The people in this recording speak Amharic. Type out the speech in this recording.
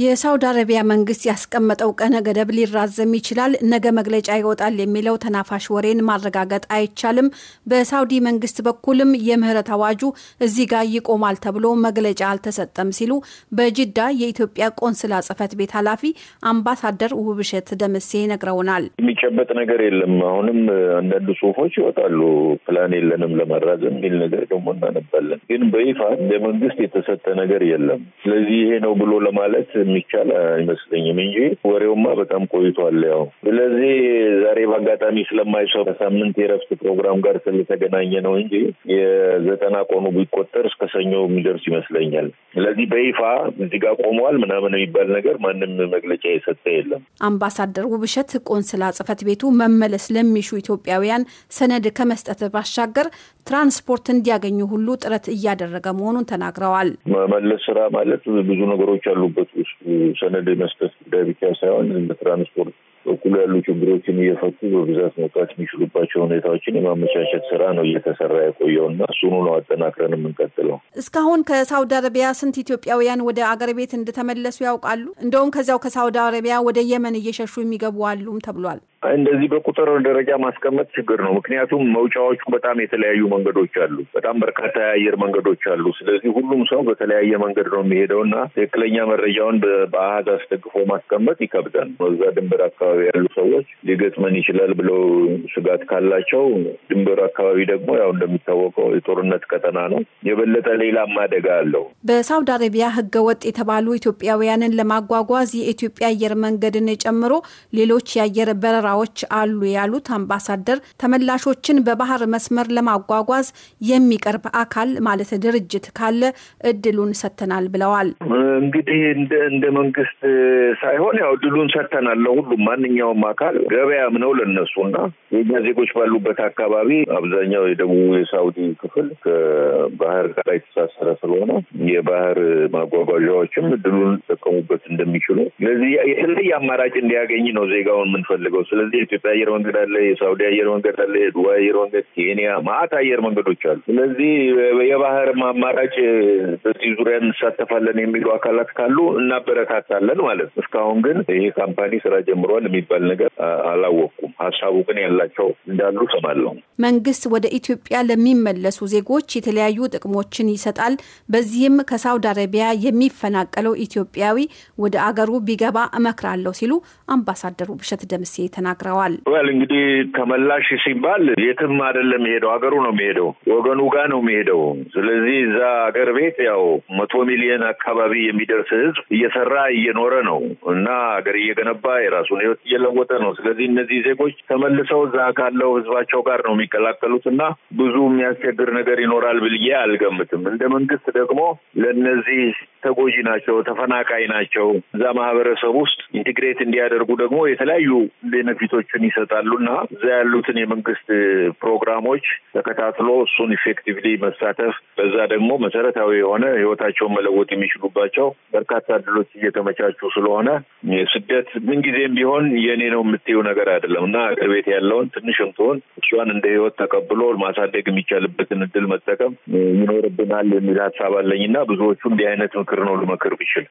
የሳውዲ አረቢያ መንግስት ያስቀመጠው ቀነ ገደብ ሊራዘም ይችላል፣ ነገ መግለጫ ይወጣል የሚለው ተናፋሽ ወሬን ማረጋገጥ አይቻልም። በሳውዲ መንግስት በኩልም የምህረት አዋጁ እዚህ ጋር ይቆማል ተብሎ መግለጫ አልተሰጠም ሲሉ በጅዳ የኢትዮጵያ ቆንስላ ጽህፈት ቤት ኃላፊ አምባሳደር ውብሸት ደምሴ ነግረውናል። የሚጨበጥ ነገር የለም። አሁንም አንዳንድ ጽሁፎች ይወጣሉ። ፕላን የለንም ለመራዘም የሚል ነገር ደግሞ እናነባለን። ግን በይፋ ለመንግስት የተሰጠ ነገር የለም። ስለዚህ ይሄ ነው ብሎ ለማለት የሚቻል አይመስለኝም እንጂ ወሬውማ በጣም ቆይቷል። ያው ስለዚህ ዛሬ በአጋጣሚ ስለማይሰሩ ከሳምንት የረፍት ፕሮግራም ጋር ስለተገናኘ ነው እንጂ የዘጠና ቆኑ ቢቆጠር እስከ ሰኞ የሚደርስ ይመስለኛል። ስለዚህ በይፋ እዚህ ጋር ቆመዋል ምናምን የሚባል ነገር ማንም መግለጫ የሰጠ የለም። አምባሳደር ውብሸት ቆንስላ ጽሕፈት ቤቱ መመለስ ለሚሹ ኢትዮጵያውያን ሰነድ ከመስጠት ባሻገር ትራንስፖርት እንዲያገኙ ሁሉ ጥረት እያደረገ መሆኑን ተናግረዋል። መመለስ ስራ ማለት ብዙ ነገሮች አሉበት። ሰነድ የመስጠት ጉዳይ ብቻ ሳይሆን ዝም በትራንስፖርት በኩል ያሉ ችግሮችን እየፈቱ በብዛት መውጣት የሚችሉባቸው ሁኔታዎችን የማመቻቸት ስራ ነው እየተሰራ የቆየው እና እሱኑ ነው አጠናክረን የምንቀጥለው። እስካሁን ከሳውዲ አረቢያ ስንት ኢትዮጵያውያን ወደ አገር ቤት እንደተመለሱ ያውቃሉ? እንደውም ከዚያው ከሳውዲ አረቢያ ወደ የመን እየሸሹ የሚገቡ አሉም ተብሏል። እንደዚህ በቁጥር ደረጃ ማስቀመጥ ችግር ነው። ምክንያቱም መውጫዎቹ በጣም የተለያዩ መንገዶች አሉ። በጣም በርካታ የአየር መንገዶች አሉ። ስለዚህ ሁሉም ሰው በተለያየ መንገድ ነው የሚሄደው እና ትክክለኛ መረጃውን በአሃዝ አስደግፎ ማስቀመጥ ይከብዳል። በዛ ድንበር አካባቢ ያሉ ሰዎች ሊገጥመን ይችላል ብለው ስጋት ካላቸው፣ ድንበር አካባቢ ደግሞ ያው እንደሚታወቀው የጦርነት ቀጠና ነው። የበለጠ ሌላም አደጋ አለው። በሳውዲ አረቢያ ህገወጥ የተባሉ ኢትዮጵያውያንን ለማጓጓዝ የኢትዮጵያ አየር መንገድን ጨምሮ ሌሎች የአየር በረራ ስራዎች አሉ ያሉት አምባሳደር ተመላሾችን በባህር መስመር ለማጓጓዝ የሚቀርብ አካል ማለት ድርጅት ካለ እድሉን ሰጥተናል ብለዋል። እንግዲህ እንደ መንግስት ሳይሆን ያው እድሉን ሰጥተናል ለሁሉም ማንኛውም አካል ገበያም ነው ለነሱ እና የኛ ዜጎች ባሉበት አካባቢ አብዛኛው የደቡብ የሳውዲ ክፍል ከባህር ጋር የተሳሰረ ስለሆነ የባህር ማጓጓዣዎችም እድሉን ሊጠቀሙበት እንደሚችሉ ስለዚህ የተለየ አማራጭ እንዲያገኝ ነው ዜጋውን የምንፈልገው። ስለዚህ የኢትዮጵያ አየር መንገድ አለ፣ የሳውዲ አየር መንገድ አለ፣ የዱባይ አየር መንገድ፣ ኬንያ ማአት አየር መንገዶች አሉ። ስለዚህ የባህር አማራጭ በዚህ ዙሪያ እንሳተፋለን የሚሉ አካላት ካሉ እናበረታታለን ማለት ነው። እስካሁን ግን ይሄ ካምፓኒ ስራ ጀምሯል የሚባል ነገር አላወቅኩም። ሀሳቡ ግን ያላቸው እንዳሉ ሰማለሁ። መንግስት ወደ ኢትዮጵያ ለሚመለሱ ዜጎች የተለያዩ ጥቅሞችን ይሰጣል። በዚህም ከሳውዲ አረቢያ የሚፈናቀለው ኢትዮጵያዊ ወደ አገሩ ቢገባ እመክራለሁ ሲሉ አምባሳደሩ ብሸት ደምሴ ተናግረዋል። ተናግረዋል። ወል እንግዲህ ተመላሽ ሲባል የትም አይደለም የሚሄደው ሀገሩ ነው የሚሄደው ወገኑ ጋር ነው የሚሄደው። ስለዚህ እዛ ሀገር ቤት ያው መቶ ሚሊዮን አካባቢ የሚደርስ ህዝብ እየሰራ እየኖረ ነው እና ሀገር እየገነባ የራሱን ህይወት እየለወጠ ነው። ስለዚህ እነዚህ ዜጎች ተመልሰው እዛ ካለው ህዝባቸው ጋር ነው የሚቀላቀሉት እና ብዙ የሚያስቸግር ነገር ይኖራል ብዬ አልገምትም። እንደ መንግስት ደግሞ ለእነዚህ ተጎጂ ናቸው፣ ተፈናቃይ ናቸው እዛ ማህበረሰብ ውስጥ ኢንቲግሬት እንዲያደርጉ ደግሞ የተለያዩ በፊቶችን ይሰጣሉ እና እዛ ያሉትን የመንግስት ፕሮግራሞች ተከታትሎ እሱን ኢፌክቲቭሊ መሳተፍ በዛ ደግሞ መሰረታዊ የሆነ ህይወታቸውን መለወጥ የሚችሉባቸው በርካታ እድሎች እየተመቻቹ ስለሆነ ስደት ምንጊዜም ቢሆን የእኔ ነው የምትይው ነገር አይደለም እና እግር ቤት ያለውን ትንሽ እንትሆን እሷን እንደ ህይወት ተቀብሎ ማሳደግ የሚቻልበትን እድል መጠቀም ይኖርብናል የሚል ሀሳብ አለኝ እና ብዙዎቹ እንዲህ አይነት ምክር ነው ልመክር ብችል